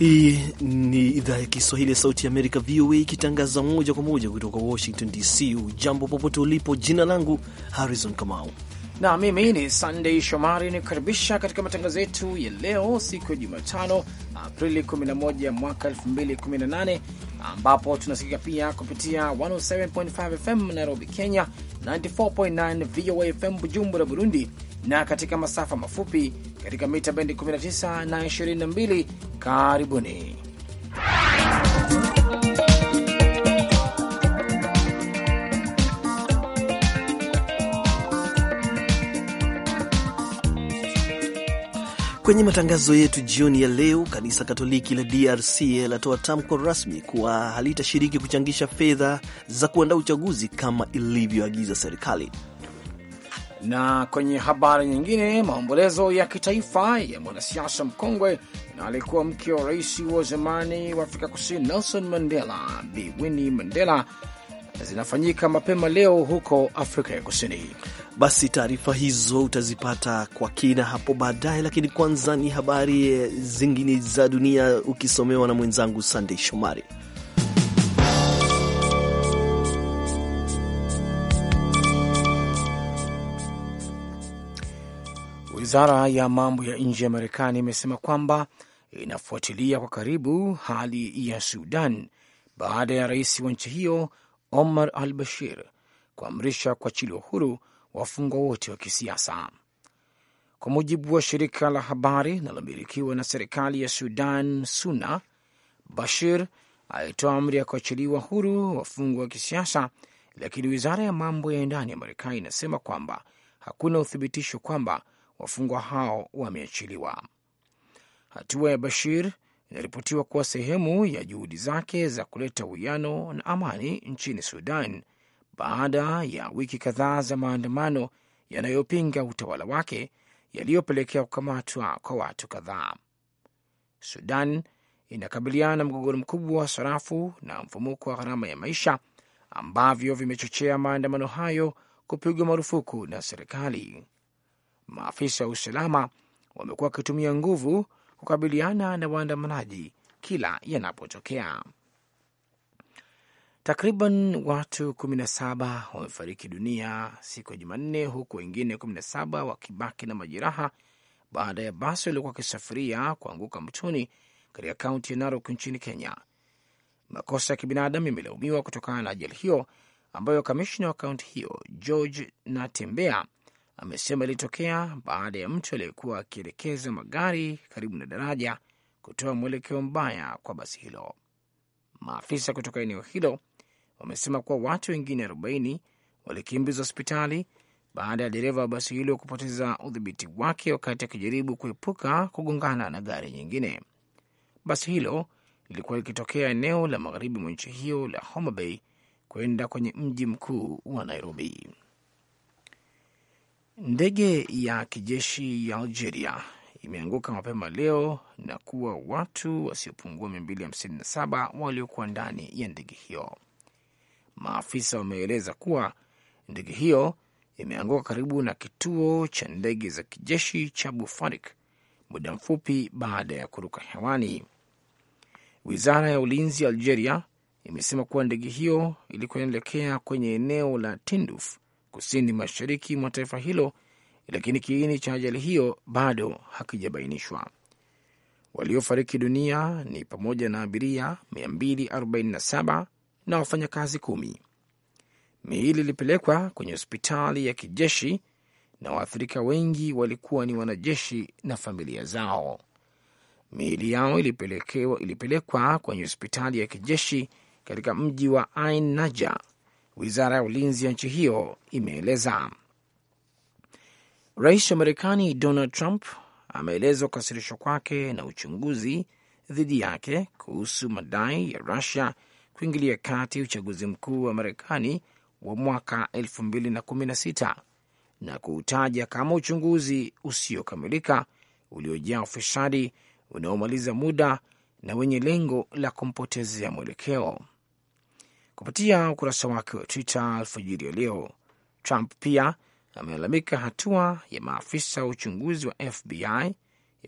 Hii ni idhaa ya Kiswahili ya Sauti ya Amerika, VOA, ikitangaza moja kwa moja kutoka Washington DC. Ujambo popote ulipo, jina langu Harrison Kamau na mimi ni Sandey Shomari nikukaribisha katika matangazo yetu ya leo, siku ya Jumatano, Aprili 11 mwaka 2018, ambapo tunasikika pia kupitia 107.5 FM Nairobi, Kenya, 94.9 VOA FM Bujumbura, Burundi, na katika masafa mafupi katika mita bendi 19 na 22. Karibuni Kwenye matangazo yetu jioni ya leo, kanisa Katoliki la DRC latoa tamko rasmi kuwa halitashiriki kuchangisha fedha za kuandaa uchaguzi kama ilivyoagiza serikali. Na kwenye habari nyingine, maombolezo ya kitaifa ya mwanasiasa mkongwe na alikuwa mke wa rais wa zamani wa Afrika Kusini Nelson Mandela, Bi Winnie Mandela zinafanyika mapema leo huko Afrika ya Kusini. Basi taarifa hizo utazipata kwa kina hapo baadaye, lakini kwanza ni habari zingine za dunia ukisomewa na mwenzangu Sandey Shomari. Wizara ya mambo ya nje ya Marekani imesema kwamba inafuatilia kwa karibu hali ya Sudan baada ya rais wa nchi hiyo Omar al Bashir kuamrisha kuachiliwa huru wafungwa wote wa kisiasa. Kwa mujibu wa shirika la habari linalomilikiwa na serikali ya Sudan, SUNA, Bashir alitoa amri ya kuachiliwa huru wafungwa wa kisiasa, lakini wizara ya mambo ya ndani ya Marekani inasema kwamba hakuna uthibitisho kwamba wafungwa hao wameachiliwa. Hatua ya Bashir inaripotiwa kuwa sehemu ya juhudi zake za kuleta uwiano na amani nchini Sudan baada ya wiki kadhaa za maandamano yanayopinga utawala wake yaliyopelekea kukamatwa kwa watu kadhaa. Sudan inakabiliana na mgogoro mkubwa wa sarafu na mfumuko wa gharama ya maisha ambavyo vimechochea maandamano hayo kupigwa marufuku na serikali maafisa wa usalama wamekuwa wakitumia nguvu kukabiliana na waandamanaji kila yanapotokea. Takriban watu 17 wamefariki dunia siku ya Jumanne, huku wengine 17 wakibaki na majeraha baada ya basi waliokuwa wakisafiria kuanguka mtoni katika kaunti ya Narok nchini Kenya. Makosa ya kibinadamu yamelaumiwa kutokana na ajali hiyo ambayo kamishna wa kaunti hiyo George Natembea amesema ilitokea baada ya mtu aliyekuwa akielekeza magari karibu na daraja kutoa mwelekeo mbaya kwa basi hilo. Maafisa kutoka eneo hilo wamesema kuwa watu wengine 40 walikimbizwa hospitali baada ya dereva wa basi hilo kupoteza udhibiti wake wakati akijaribu kuepuka kugongana na gari nyingine. Basi hilo lilikuwa likitokea eneo la magharibi mwa nchi hiyo la Homa Bay kwenda kwenye mji mkuu wa Nairobi. Ndege ya kijeshi ya Algeria imeanguka mapema leo na kuwa watu wasiopungua 257 waliokuwa ndani ya ndege hiyo. Maafisa wameeleza kuwa ndege hiyo imeanguka karibu na kituo cha ndege za kijeshi cha Bufarik muda mfupi baada ya kuruka hewani. Wizara ya ulinzi ya Algeria imesema kuwa ndege hiyo ilikuwa inaelekea kwenye eneo la Tinduf kusini mashariki mwa taifa hilo, lakini kiini cha ajali hiyo bado hakijabainishwa. Waliofariki dunia ni pamoja na abiria 247 na wafanyakazi kumi. Miili ilipelekwa kwenye hospitali ya kijeshi na waathirika wengi walikuwa ni wanajeshi na familia zao. Miili yao ilipelekwa kwenye hospitali ya kijeshi katika mji wa Ain Naja wizara ya ulinzi ya nchi hiyo imeeleza. Rais wa Marekani Donald Trump ameeleza ukasirisho kwake na uchunguzi dhidi yake kuhusu madai ya Rusia kuingilia kati uchaguzi mkuu wa Marekani wa mwaka 2016 na kuutaja kama uchunguzi usiokamilika uliojaa ufisadi unaomaliza muda na wenye lengo la kumpotezea mwelekeo kupitia ukurasa wake wa Twitter alfajiri ya leo. Trump pia amelalamika hatua ya maafisa wa uchunguzi wa FBI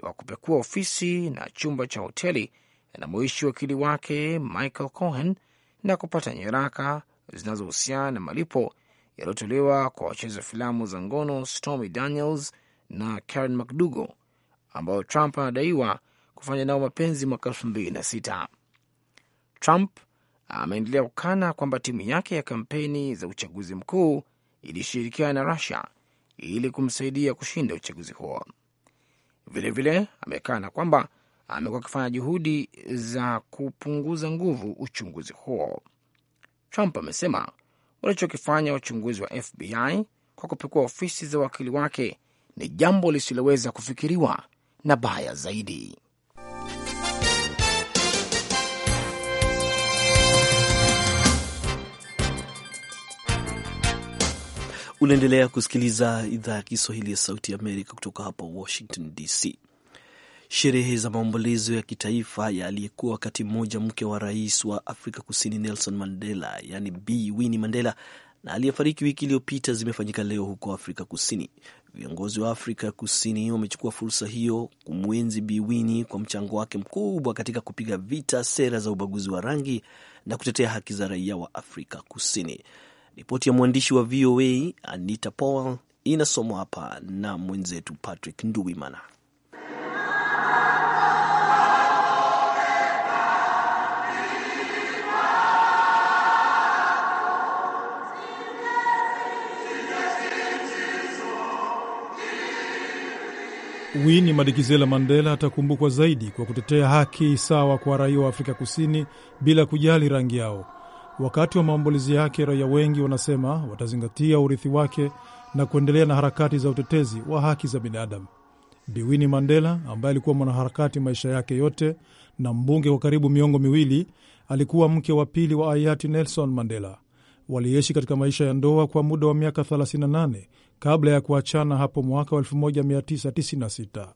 wa kupekua ofisi na chumba cha hoteli anamoishi wakili wake Michael Cohen na kupata nyaraka zinazohusiana na malipo yaliyotolewa kwa wacheza filamu za ngono Stormy Daniels na Karen McDougal ambao Trump anadaiwa kufanya nao mapenzi mwaka elfu mbili na sita. Trump ameendelea kukana kwamba timu yake ya kampeni za uchaguzi mkuu ilishirikiana na Rusia ili kumsaidia kushinda uchaguzi huo. Vilevile amekana kwamba amekuwa akifanya juhudi za kupunguza nguvu uchunguzi huo. Trump amesema walichokifanya wachunguzi wa FBI kwa kupekua ofisi za wakili wake ni jambo lisiloweza kufikiriwa na baya zaidi. Unaendelea kusikiliza idhaa ya Kiswahili ya Sauti ya Amerika kutoka hapa Washington DC. Sherehe za maombolezo ya kitaifa ya aliyekuwa wakati mmoja mke wa rais wa Afrika Kusini Nelson Mandela, yani b Winnie Mandela, na aliyefariki wiki iliyopita zimefanyika leo huko Afrika Kusini. Viongozi wa Afrika Kusini wamechukua fursa hiyo kumwenzi B Winnie kwa mchango wake mkubwa katika kupiga vita sera za ubaguzi wa rangi na kutetea haki za raia wa Afrika Kusini. Ripoti ya mwandishi wa VOA Anita Powell inasomwa hapa na mwenzetu Patrick Nduwimana. Winnie Madikizela Mandela atakumbukwa zaidi kwa kutetea haki sawa kwa raia wa Afrika Kusini bila kujali rangi yao. Wakati wa maombolezi yake, raia wengi wanasema watazingatia urithi wake na kuendelea na harakati za utetezi wa haki za binadamu. Biwini Mandela ambaye alikuwa mwanaharakati maisha yake yote na mbunge kwa karibu miongo miwili, alikuwa mke wa pili wa hayati Nelson Mandela. Waliishi katika maisha ya ndoa kwa muda wa miaka 38 kabla ya kuachana hapo mwaka wa 1996.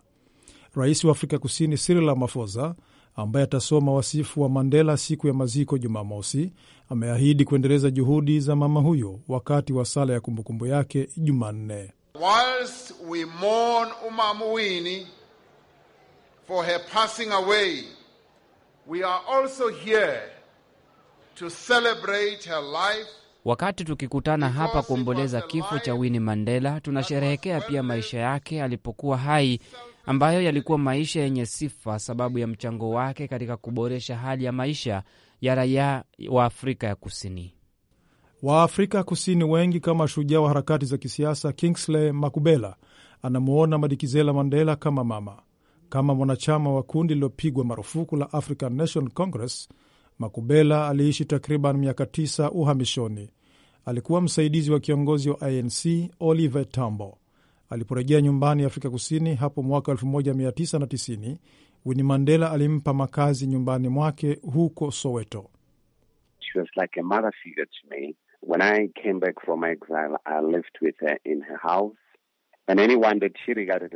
Rais wa Afrika Kusini Cyril Ramaphosa ambaye atasoma wasifu wa Mandela siku ya maziko Jumamosi, ameahidi kuendeleza juhudi za mama huyo wakati wa sala ya kumbukumbu yake Jumanne. Wakati tukikutana hapa kuomboleza kifo cha Winnie Mandela, tunasherehekea pia maisha yake alipokuwa hai ambayo yalikuwa maisha yenye sifa sababu ya mchango wake katika kuboresha hali ya maisha ya raia wa Afrika ya Kusini. Waafrika Kusini wengi kama shujaa wa harakati za kisiasa Kingsley Makubela anamwona Madikizela Mandela kama mama. Kama mwanachama wa kundi lililopigwa marufuku la African National Congress, Makubela aliishi takriban miaka tisa uhamishoni. Alikuwa msaidizi wa kiongozi wa ANC Oliver Tambo. Aliporejea nyumbani Afrika Kusini hapo mwaka 1990, Winnie Mandela alimpa makazi nyumbani mwake huko Soweto.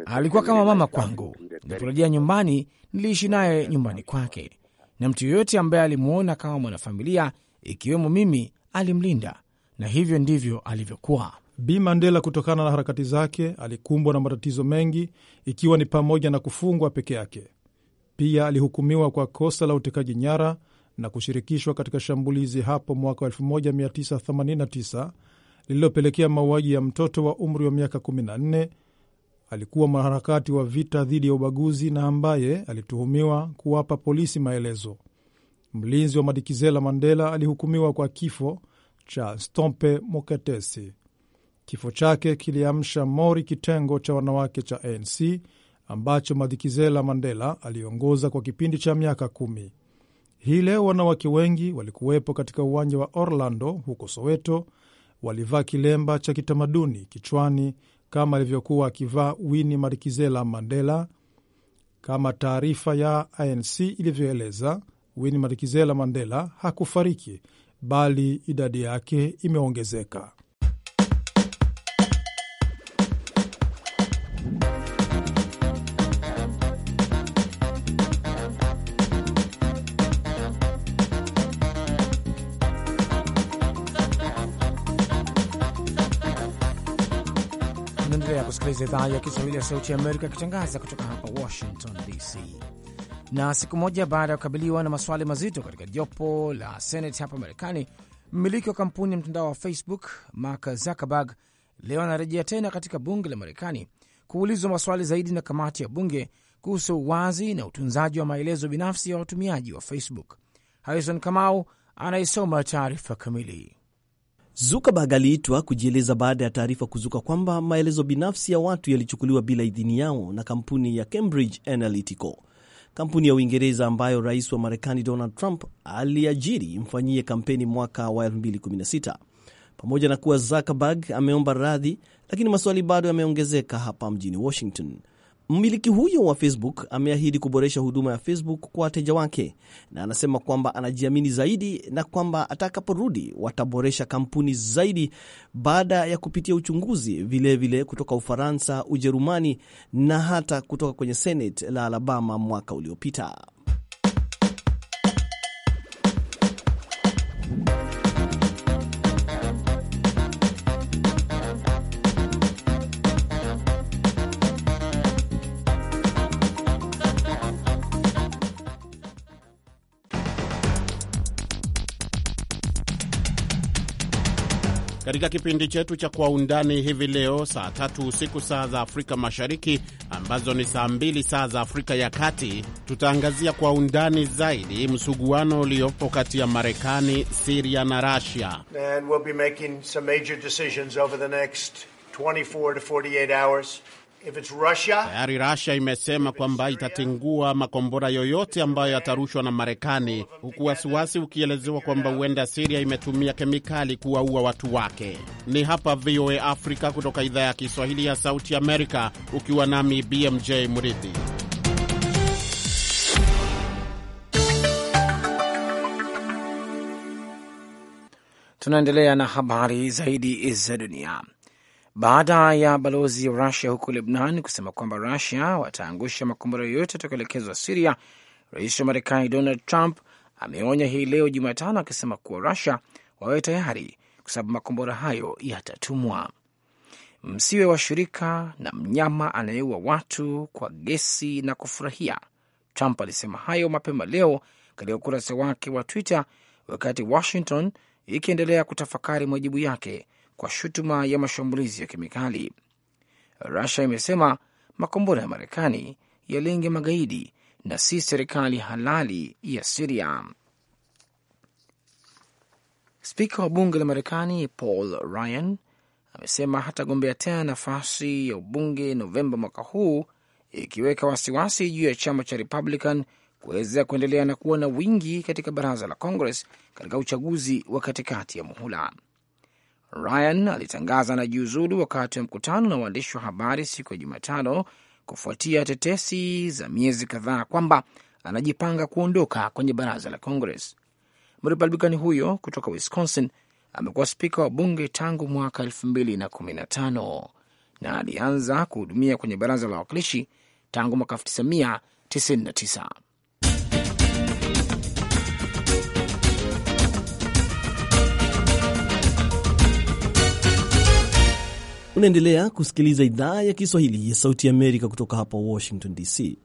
Alikuwa kama mama kwangu. Niliporejea nyumbani, niliishi naye nyumbani kwake, na mtu yoyote ambaye alimwona kama mwanafamilia, ikiwemo mimi, alimlinda, na hivyo ndivyo alivyokuwa. Bi Mandela, kutokana na harakati zake, alikumbwa na matatizo mengi, ikiwa ni pamoja na kufungwa peke yake. Pia alihukumiwa kwa kosa la utekaji nyara na kushirikishwa katika shambulizi hapo mwaka 1989 lililopelekea mauaji ya mtoto wa umri wa miaka 14. Alikuwa mwanaharakati wa vita dhidi ya ubaguzi na ambaye alituhumiwa kuwapa polisi maelezo. Mlinzi wa Madikizela Mandela alihukumiwa kwa kifo cha Stompe Moketesi. Kifo chake kiliamsha mori kitengo cha wanawake cha ANC ambacho Madikizela Mandela aliongoza kwa kipindi cha miaka kumi. Hii leo wanawake wengi walikuwepo katika uwanja wa Orlando huko Soweto, walivaa kilemba cha kitamaduni kichwani kama alivyokuwa akivaa Wini Madikizela Mandela. Kama taarifa ya ANC ilivyoeleza, Wini Madikizela Mandela hakufariki bali idadi yake imeongezeka. kusikiliza idhaa ya Kiswahili ya Sauti ya Amerika ikitangaza kutoka hapa Washington DC. Na siku moja baada ya kukabiliwa na maswali mazito katika jopo la Senate hapa Marekani, mmiliki wa kampuni ya mtandao wa Facebook Mark Zuckerberg leo anarejea tena katika bunge la Marekani kuulizwa maswali zaidi na kamati ya bunge kuhusu uwazi na utunzaji wa maelezo binafsi ya watumiaji wa Facebook. Harrison Kamau anaisoma taarifa kamili. Zuckerberg aliitwa kujieleza baada ya taarifa kuzuka kwamba maelezo binafsi ya watu yalichukuliwa bila idhini yao na kampuni ya Cambridge Analytical, kampuni ya Uingereza ambayo rais wa Marekani Donald Trump aliajiri imfanyie kampeni mwaka wa 2016. Pamoja na kuwa Zuckerberg ameomba radhi, lakini maswali bado yameongezeka hapa mjini Washington. Mmiliki huyo wa Facebook ameahidi kuboresha huduma ya Facebook kwa wateja wake na anasema kwamba anajiamini zaidi na kwamba atakaporudi wataboresha kampuni zaidi baada ya kupitia uchunguzi vilevile vile kutoka Ufaransa, Ujerumani na hata kutoka kwenye Senate la Alabama mwaka uliopita. katika kipindi chetu cha Kwa Undani hivi leo saa tatu usiku saa za Afrika Mashariki, ambazo ni saa mbili saa za Afrika ya Kati. Tutaangazia kwa undani zaidi msuguano uliopo kati ya Marekani, Siria na Rasia. we'll be making some major decisions over the next 24 to 48 hours. Tayari Russia imesema kwamba itatengua makombora yoyote ambayo yatarushwa na Marekani, huku wasiwasi ukielezewa kwamba huenda Siria imetumia kemikali kuwaua watu wake. Ni hapa VOA Africa kutoka idhaa ya Kiswahili ya Sauti Amerika, ukiwa nami BMJ Murithi. Tunaendelea na habari zaidi za dunia baada ya balozi wa Rusia huko Lebnan kusema kwamba Rusia wataangusha makombora yoyote yatakaelekezwa Siria. Rais wa Marekani Donald Trump ameonya hii leo Jumatano akisema kuwa Rusia wawe tayari kwa sababu makombora hayo yatatumwa. Msiwe washirika na mnyama anayeua watu kwa gesi na kufurahia. Trump alisema hayo mapema leo katika ukurasa wake wa Twitter wakati Washington ikiendelea kutafakari majibu yake kwa shutuma ya mashambulizi ya kemikali. Rusia imesema makombora ya Marekani yalenge magaidi na si serikali halali ya Siria. Spika wa bunge la Marekani Paul Ryan amesema hatagombea tena nafasi ya ubunge Novemba mwaka huu, ikiweka wasiwasi juu ya chama cha Republican kuweza kuendelea na kuwa na wingi katika baraza la Congress katika uchaguzi wa katikati ya muhula. Ryan alitangaza na anajiuzulu wakati wa mkutano na waandishi wa habari siku ya Jumatano kufuatia tetesi za miezi kadhaa kwamba anajipanga kuondoka kwenye baraza la Congress. Mrepublikani huyo kutoka Wisconsin amekuwa spika wa bunge tangu mwaka 215 na alianza kuhudumia kwenye baraza la wawakilishi tangu mwaka 1999. Unaendelea kusikiliza idhaa ya Kiswahili ya Sauti Amerika kutoka hapa Washington DC.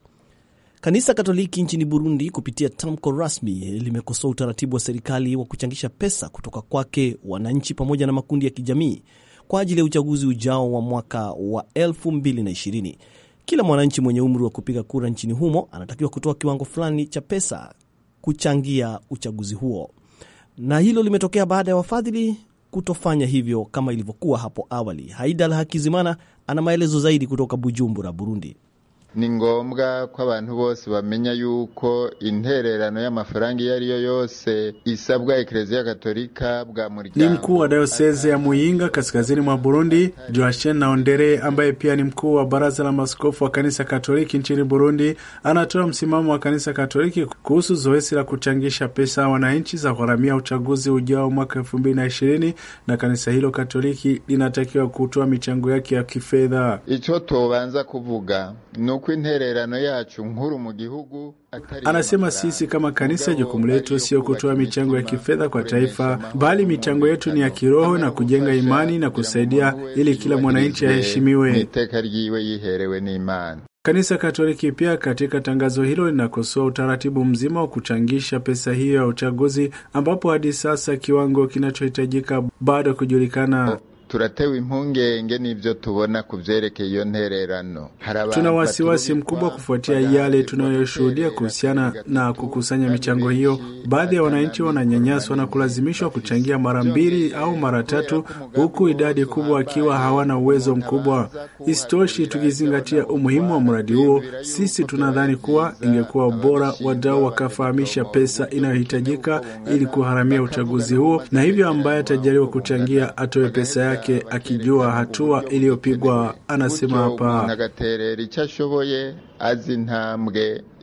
Kanisa Katoliki nchini Burundi kupitia tamko rasmi limekosoa utaratibu wa serikali wa kuchangisha pesa kutoka kwake wananchi pamoja na makundi ya kijamii kwa ajili ya uchaguzi ujao wa mwaka wa 2020. Kila mwananchi mwenye umri wa kupiga kura nchini humo anatakiwa kutoa kiwango fulani cha pesa kuchangia uchaguzi huo, na hilo limetokea baada ya wafadhili kutofanya hivyo kama ilivyokuwa hapo awali. Haidal Hakizimana ana maelezo zaidi kutoka Bujumbura, Burundi ni ngombwa ko abantu bose bamenya yuko intererano y'amafaranga iyo ari yo yose isabwa ekereziya Katolika bwa muryango. Ni mkuu wa dayoseze ya Muyinga kaskazini mwa Burundi, Joachim Naondere, ambaye pia ni mkuu wa baraza la maskofu wa kanisa Katoliki nchini Burundi, anatoa msimamo wa kanisa Katoliki kuhusu zoezi la kuchangisha pesa wananchi za gharamia uchaguzi ujao mwaka elfu mbili na ishirini, na kanisa hilo Katoliki linatakiwa kutoa michango yake ya kifedha. Icho tobanza kuvuga nuko yacu nkuru mu gihugu Anasema sisi kama kanisa, jukumu letu sio kutoa michango ya kifedha kwa taifa, bali michango yetu ni ya kiroho na kujenga imani na kusaidia ili kila mwananchi aheshimiwe. Kanisa Katoliki pia katika tangazo hilo linakosoa utaratibu mzima wa kuchangisha pesa hiyo ya uchaguzi, ambapo hadi sasa kiwango kinachohitajika bado kujulikana turatewe impungenge n'ibyo tubona ku iyo ntererano. Tuna wasiwasi mkubwa kufuatia yale tunayoshuhudia kuhusiana na kukusanya michango hiyo. Baadhi ya wananchi wananyanyaswa na kulazimishwa kuchangia mara mbili au mara tatu, huku idadi kubwa akiwa hawana uwezo mkubwa. Isitoshi, tukizingatia umuhimu wa mradi huo, sisi tunadhani kuwa ingekuwa bora wadau wakafahamisha pesa inayohitajika ili kuharamia uchaguzi huo, na hivyo ambaye atajaliwa kuchangia atoe pesa yake yake akijua hatua iliyopigwa. Anasema hapa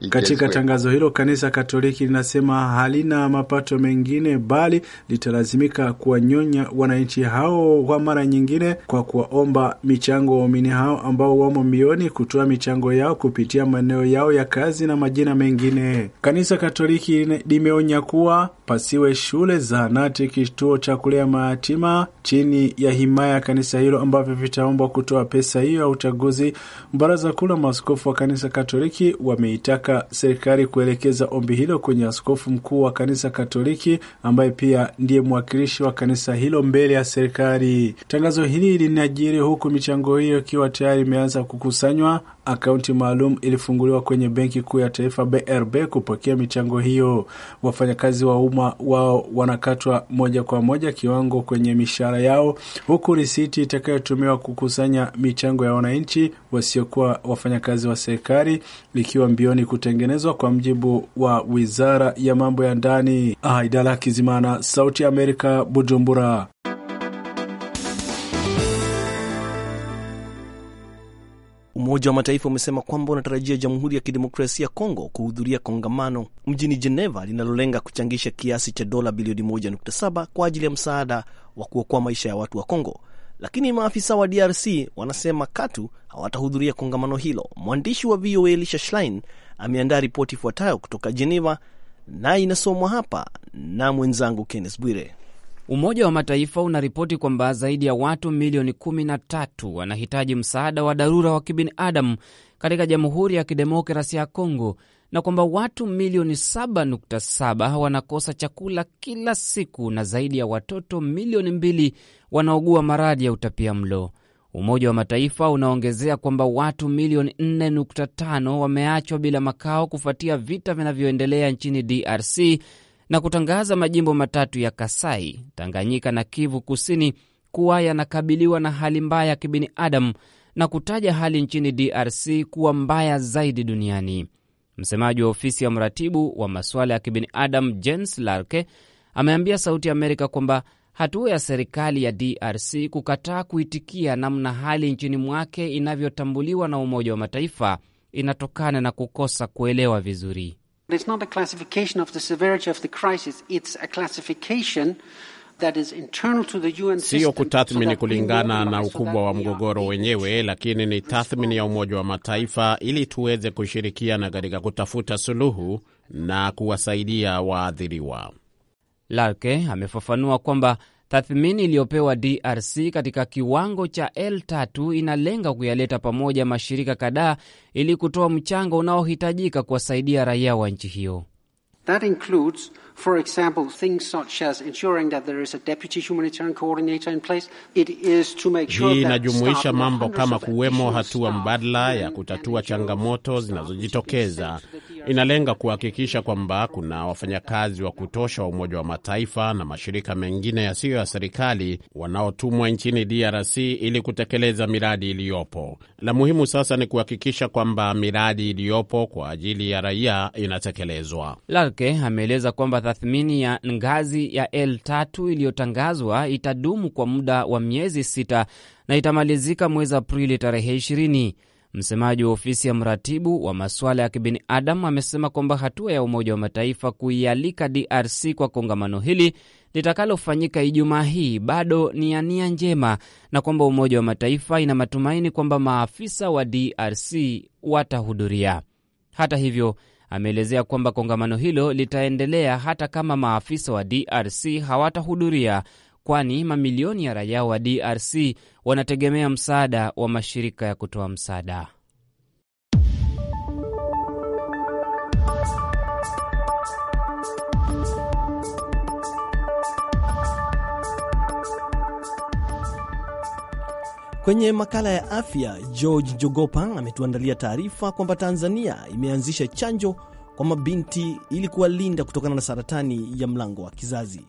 katika tangazo hilo, kanisa Katoliki linasema halina mapato mengine, bali litalazimika kuwanyonya wananchi hao kwa mara nyingine kwa kuwaomba michango waumini hao ambao wamo mbioni kutoa michango yao kupitia maeneo yao ya kazi na majina mengine. Kanisa Katoliki limeonya kuwa pasiwe shule, zahanati, kituo cha kulea mayatima chini ya himaya ya kanisa hilo ambavyo vitaombwa kutoa pesa hiyo ya uchaguzi. Baraza Kuu la Maaskofu wa Kanisa Katoliki wameitaka kutaka serikali kuelekeza ombi hilo kwenye askofu mkuu wa kanisa Katoliki ambaye pia ndiye mwakilishi wa kanisa hilo mbele ya serikali. Tangazo hili linajiri huku michango hiyo ikiwa tayari imeanza kukusanywa akaunti maalum ilifunguliwa kwenye Benki Kuu ya Taifa BRB kupokea michango hiyo. Wafanyakazi wa umma wao wanakatwa moja kwa moja kiwango kwenye mishahara yao, huku risiti itakayotumiwa kukusanya michango ya wananchi wasiokuwa wafanyakazi wa serikali ikiwa mbioni kutengenezwa, kwa mjibu wa Wizara ya Mambo ya Ndani. Aidala ah, Kizimana, Sauti ya Amerika, Bujumbura. Umoja wa Mataifa umesema kwamba unatarajia Jamhuri ya Kidemokrasia ya Kongo kuhudhuria kongamano mjini Jeneva linalolenga kuchangisha kiasi cha dola bilioni 1.7 kwa ajili ya msaada wa kuokoa maisha ya watu wa Kongo, lakini maafisa wa DRC wanasema katu hawatahudhuria kongamano hilo. Mwandishi wa VOA Elisha Schlein ameandaa ripoti ifuatayo kutoka Jeneva, naye inasomwa hapa na mwenzangu Kennes Bwire. Umoja wa Mataifa unaripoti kwamba zaidi ya watu milioni 13 wanahitaji msaada wa dharura wa kibinadamu katika Jamhuri ya Kidemokrasia ya Kongo na kwamba watu milioni 7.7 wanakosa chakula kila siku na zaidi ya watoto milioni mbili wanaogua maradhi ya utapia mlo. Umoja wa Mataifa unaongezea kwamba watu milioni 4.5 wameachwa bila makao kufuatia vita vinavyoendelea nchini DRC na kutangaza majimbo matatu ya Kasai, Tanganyika na Kivu Kusini kuwa yanakabiliwa na hali mbaya ya kibinadamu na kutaja hali nchini DRC kuwa mbaya zaidi duniani. Msemaji wa ofisi ya mratibu wa masuala ya kibinadamu Jens Larke ameambia Sauti ya Amerika kwamba hatua ya serikali ya DRC kukataa kuitikia namna hali nchini mwake inavyotambuliwa na Umoja wa Mataifa inatokana na kukosa kuelewa vizuri It's not a classification of the severity of the crisis, it's a classification Sio kutathmini kulingana na ukubwa wa mgogoro wenyewe, lakini ni tathmini ya Umoja wa Mataifa ili tuweze kushirikiana katika kutafuta suluhu na kuwasaidia waathiriwa. Larke amefafanua kwamba Tathmini iliyopewa DRC katika kiwango cha L3 inalenga kuyaleta pamoja mashirika kadhaa ili kutoa mchango unaohitajika kuwasaidia raia wa nchi hiyo. That includes For example, things such as ensuring that there is a deputy humanitarian coordinator in place. It is to make sure. Hii inajumuisha mambo kama kuwemo hatua mbadala ya kutatua changamoto zinazojitokeza. Inalenga kuhakikisha kwamba kuna wafanyakazi wa kutosha wa Umoja wa Mataifa na mashirika mengine yasiyo ya serikali wanaotumwa nchini DRC ili kutekeleza miradi iliyopo. La muhimu sasa ni kuhakikisha kwamba miradi iliyopo kwa ajili ya raia inatekelezwa. Larke ameeleza kwamba tathmini ya ngazi ya L3 iliyotangazwa itadumu kwa muda wa miezi sita na itamalizika mwezi Aprili tarehe 20. Msemaji wa ofisi ya mratibu wa masuala ya kibinadamu amesema kwamba hatua ya Umoja wa Mataifa kuialika DRC kwa kongamano hili litakalofanyika Ijumaa hii bado ni ya nia njema na kwamba Umoja wa Mataifa ina matumaini kwamba maafisa wa DRC watahudhuria. Hata hivyo Ameelezea kwamba kongamano hilo litaendelea hata kama maafisa wa DRC hawatahudhuria, kwani mamilioni ya raia wa DRC wanategemea msaada wa mashirika ya kutoa msaada. Kwenye makala ya afya, George Jogopa ametuandalia taarifa kwamba Tanzania imeanzisha chanjo kwa mabinti ili kuwalinda kutokana na saratani ya mlango wa kizazi.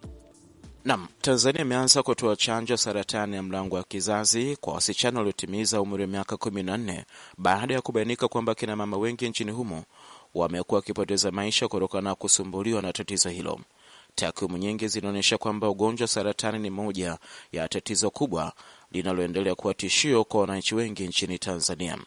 Nam, Tanzania imeanza kutoa chanjo saratani ya mlango wa kizazi kwa wasichana waliotimiza umri wa miaka 14 baada ya kubainika kwamba kina mama wengi nchini humo wamekuwa wakipoteza maisha kutokana na kusumbuliwa na tatizo hilo. Takwimu nyingi zinaonyesha kwamba ugonjwa wa saratani ni moja ya tatizo kubwa linaloendelea kuwa tishio kwa wananchi wengi nchini Tanzania.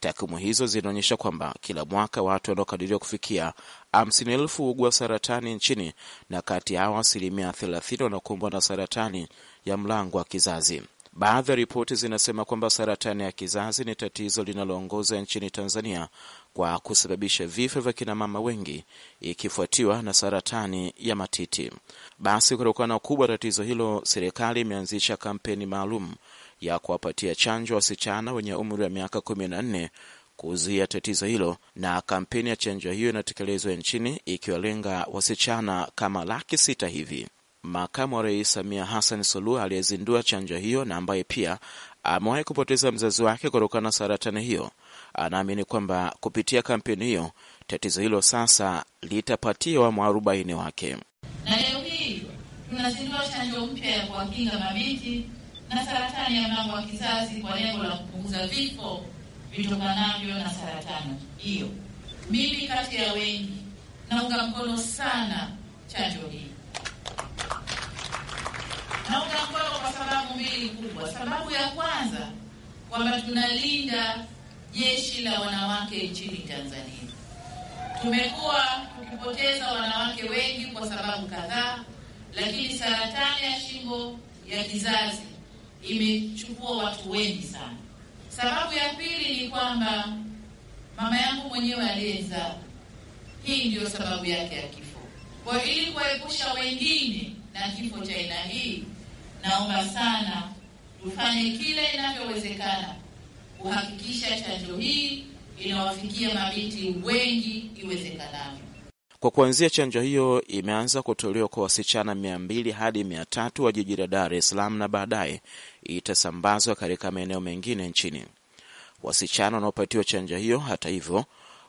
Takwimu hizo zinaonyesha kwamba kila mwaka watu wanaokadiriwa kufikia hamsini elfu saratani nchini, na kati yao asilimia 30 wanakumbwa na saratani ya mlango wa kizazi. Baadhi ya ripoti zinasema kwamba saratani ya kizazi ni tatizo linaloongoza nchini Tanzania kwa kusababisha vifo vya kinamama wengi, ikifuatiwa na saratani ya matiti. Basi, kutokana na ukubwa tatizo hilo, serikali imeanzisha kampeni maalum ya kuwapatia chanjo wasichana wenye umri wa miaka 14 kuzuia tatizo hilo, na kampeni ya chanjo hiyo inatekelezwa nchini ikiwalenga wasichana kama laki sita hivi. Makamu wa Rais Samia Hassan Suluhu aliyezindua chanjo hiyo na ambaye pia amewahi kupoteza mzazi wake kutokana na saratani hiyo, anaamini kwamba kupitia kampeni hiyo tatizo hilo sasa litapatiwa mwarobaini wake. Na leo hii tunazindua chanjo mpya ya kuwakinga mabinti na saratani ya mlango wa kizazi kwa lengo la kupunguza vifo vitokanavyo na saratani hiyo. Mimi kati ya wengi naunga mkono sana chanjo hii. Naunga mkono kwa sababu mbili kubwa. Sababu ya kwanza kwamba tunalinda jeshi la wanawake nchini Tanzania. Tumekuwa tukipoteza wanawake wengi kwa sababu kadhaa, lakini saratani ya shingo ya kizazi imechukua watu wengi sana. Sababu ya pili ni kwamba mama yangu mwenyewe aliyezaa, hii ndiyo sababu yake ya kifo. Kwa hiyo ili kuwaepusha wengine na kifo cha aina hii, naomba sana tufanye kile inavyowezekana kuhakikisha chanjo hii inawafikia mabinti wengi iwezekanavyo. Kwa kuanzia, chanjo hiyo imeanza kutolewa kwa wasichana mia mbili hadi mia tatu wa jiji la Dar es Salaam na baadaye itasambazwa katika maeneo mengine nchini. Wasichana wanaopatiwa chanjo hiyo, hata hivyo,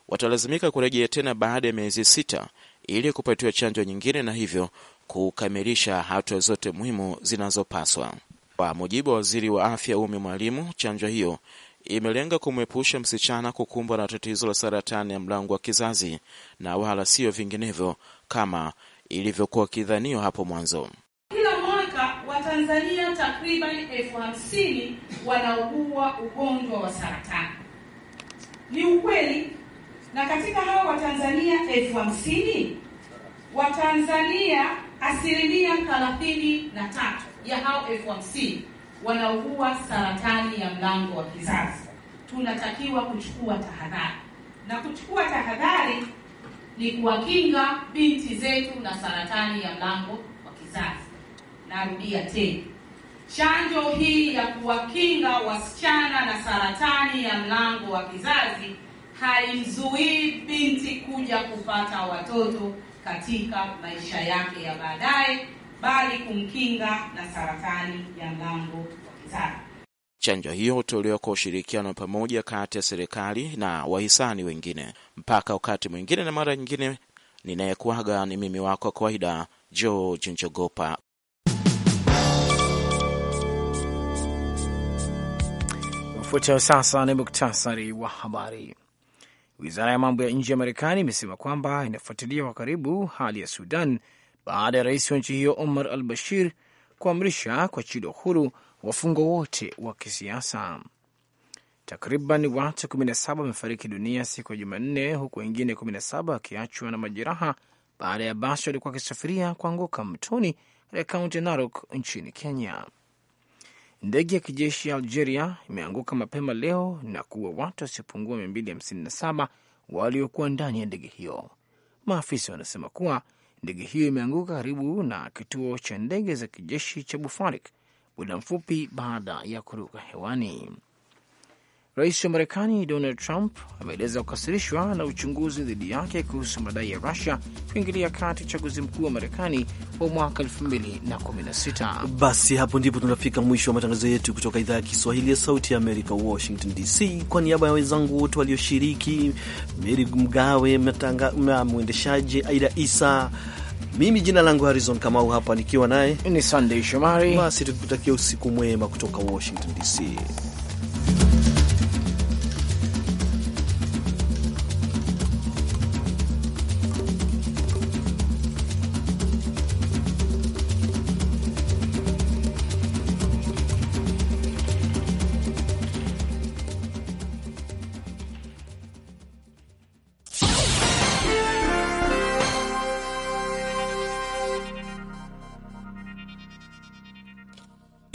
watalazimika kurejea tena baada ya miezi sita ili kupatiwa chanjo nyingine na hivyo kukamilisha hatua zote muhimu zinazopaswa. Kwa mujibu wa waziri wa afya Umi Mwalimu, chanjo hiyo imelenga kumwepusha msichana kukumbwa na tatizo la saratani ya mlango wa kizazi na wala siyo vinginevyo kama ilivyokuwa kidhanio hapo mwanzo. Kila mwaka Watanzania takriban elfu hamsini wanaugua ugonjwa wa saratani. Ni ukweli, na katika hao Watanzania elfu hamsini Watanzania asilimia thelathini na tatu ya hao elfu hamsini wanaugua saratani ya mlango wa kizazi. Tunatakiwa kuchukua tahadhari, na kuchukua tahadhari ni kuwakinga binti zetu na saratani ya mlango wa kizazi. Narudia tena, chanjo hii ya kuwakinga wasichana na saratani ya mlango wa kizazi haimzuii binti kuja kupata watoto katika maisha yake ya baadaye bali kumkinga na saratani ya mlango wa kizazi. Chanjo hiyo hutolewa kwa ushirikiano pamoja kati ya serikali na wahisani wengine. Mpaka wakati mwingine na mara nyingine, ninayekuaga ni mimi wako wa kawaida George Njogopa. Ufuatao sasa ni muktasari wa habari. Wizara ya mambo ya nje ya Marekani imesema kwamba inafuatilia kwa karibu hali ya Sudan baada ya rais wa nchi hiyo Omar al Bashir kuamrisha kuachiliwa huru wafungwa wote wa kisiasa. Takriban watu 17 wamefariki dunia siku ya Jumanne, huku wengine 17 wakiachwa na majeraha baada ya basi walikuwa wakisafiria kuanguka mtoni katika kaunti ya Narok nchini Kenya. Ndege ya kijeshi ya Algeria imeanguka mapema leo na kuwa watu wasiopungua 257 waliokuwa ndani ya ndege hiyo. Maafisa wanasema kuwa Ndege hiyo imeanguka karibu na kituo cha ndege za kijeshi cha Bufarik muda mfupi baada ya kuruka hewani. Rais wa Marekani Donald Trump ameeleza kukasirishwa na uchunguzi dhidi yake kuhusu madai ya Rusia kuingilia kati uchaguzi mkuu wa Marekani wa mwaka 2016. Basi hapo ndipo tunafika mwisho wa matangazo yetu kutoka idhaa ya Kiswahili ya Sauti ya Amerika, Washington DC. Kwa niaba ya wenzangu wote walioshiriki, Meri Mgawe mwendeshaji, Aida Isa, mimi jina langu Harizon Kamau, hapa nikiwa naye ni Sandey Shomari. Basi tukikutakia usiku mwema kutoka Washington DC.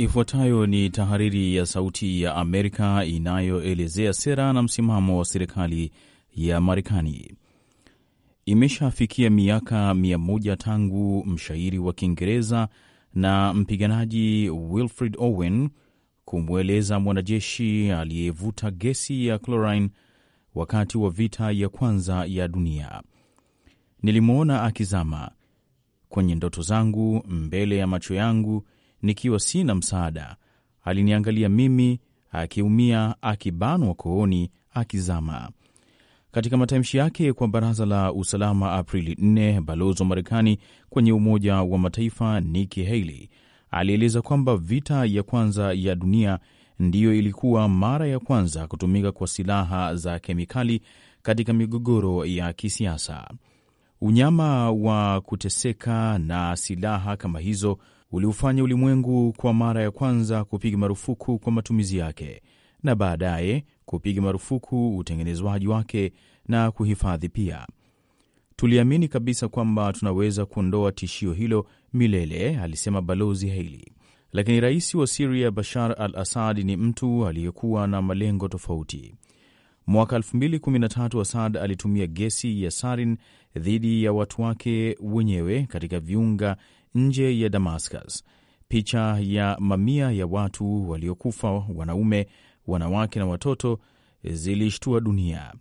Ifuatayo ni tahariri ya Sauti ya Amerika inayoelezea sera na msimamo wa serikali ya Marekani. Imeshafikia miaka mia moja tangu mshairi wa Kiingereza na mpiganaji Wilfred Owen kumweleza mwanajeshi aliyevuta gesi ya chlorine wakati wa vita ya kwanza ya dunia, nilimwona akizama kwenye ndoto zangu mbele ya macho yangu nikiwa sina msaada. Aliniangalia mimi akiumia, akibanwa kooni, akizama. Katika matamshi yake kwa Baraza la Usalama Aprili 4, balozi wa Marekani kwenye Umoja wa Mataifa Nikki Haley alieleza kwamba vita ya kwanza ya dunia ndiyo ilikuwa mara ya kwanza kutumika kwa silaha za kemikali katika migogoro ya kisiasa. Unyama wa kuteseka na silaha kama hizo uliufanya ulimwengu kwa mara ya kwanza kupiga marufuku kwa matumizi yake na baadaye kupiga marufuku utengenezwaji wake na kuhifadhi pia. Tuliamini kabisa kwamba tunaweza kuondoa tishio hilo milele, alisema Balozi Haili. Lakini rais wa Siria Bashar al Assad ni mtu aliyekuwa na malengo tofauti. Mwaka 2013 Assad alitumia gesi ya sarin dhidi ya watu wake wenyewe katika viunga nje ya Damascus. Picha ya mamia ya watu waliokufa, wanaume, wanawake na watoto, zilishtua dunia.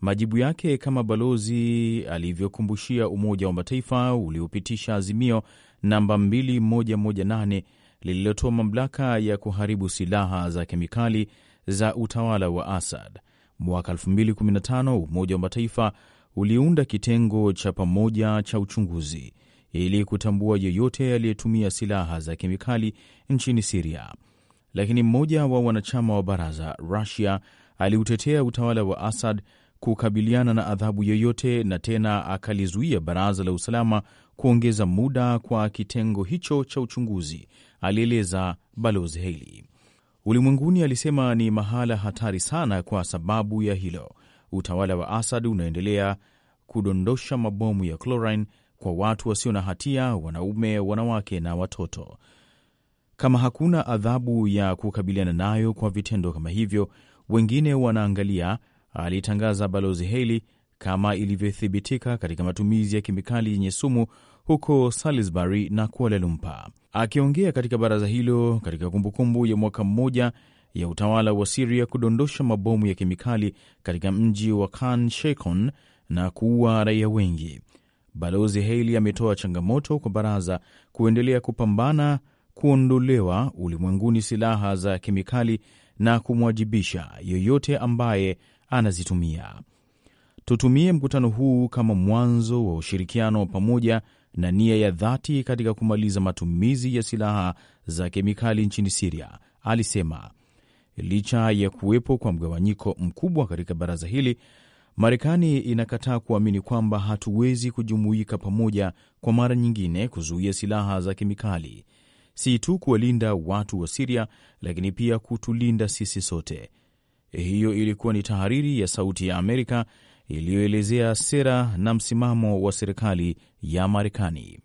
Majibu yake kama balozi alivyokumbushia Umoja wa Mataifa uliopitisha azimio namba 2118 lililotoa mamlaka ya kuharibu silaha za kemikali za utawala wa Assad. Mwaka 2015 Umoja wa Mataifa uliunda kitengo cha pamoja cha uchunguzi ili kutambua yeyote aliyetumia silaha za kemikali nchini Siria, lakini mmoja wa wanachama wa baraza, Rusia, aliutetea utawala wa Assad kukabiliana na adhabu yoyote na tena akalizuia baraza la usalama kuongeza muda kwa kitengo hicho cha uchunguzi, alieleza balozi Haley. Ulimwenguni alisema ni mahala hatari sana kwa sababu ya hilo. Utawala wa Assad unaendelea kudondosha mabomu ya chlorine kwa watu wasio na hatia, wanaume, wanawake na watoto. Kama hakuna adhabu ya kukabiliana nayo kwa vitendo kama hivyo, wengine wanaangalia, alitangaza Balozi Haley, kama ilivyothibitika katika matumizi ya kemikali yenye sumu huko Salisbury na Kuala Lumpur. Akiongea katika baraza hilo katika kumbukumbu ya mwaka mmoja ya utawala wa Siria kudondosha mabomu ya kemikali katika mji wa Khan Sheikhoun na kuua raia wengi, Balozi Haley ametoa changamoto kwa baraza kuendelea kupambana kuondolewa ulimwenguni silaha za kemikali na kumwajibisha yoyote ambaye anazitumia. Tutumie mkutano huu kama mwanzo wa ushirikiano pamoja na nia ya dhati katika kumaliza matumizi ya silaha za kemikali nchini Siria, alisema. Licha ya kuwepo kwa mgawanyiko mkubwa katika baraza hili, Marekani inakataa kuamini kwamba hatuwezi kujumuika pamoja kwa mara nyingine kuzuia silaha za kemikali, si tu kuwalinda watu wa Siria, lakini pia kutulinda sisi sote. Hiyo ilikuwa ni tahariri ya Sauti ya Amerika iliyoelezea sera na msimamo wa serikali ya Marekani.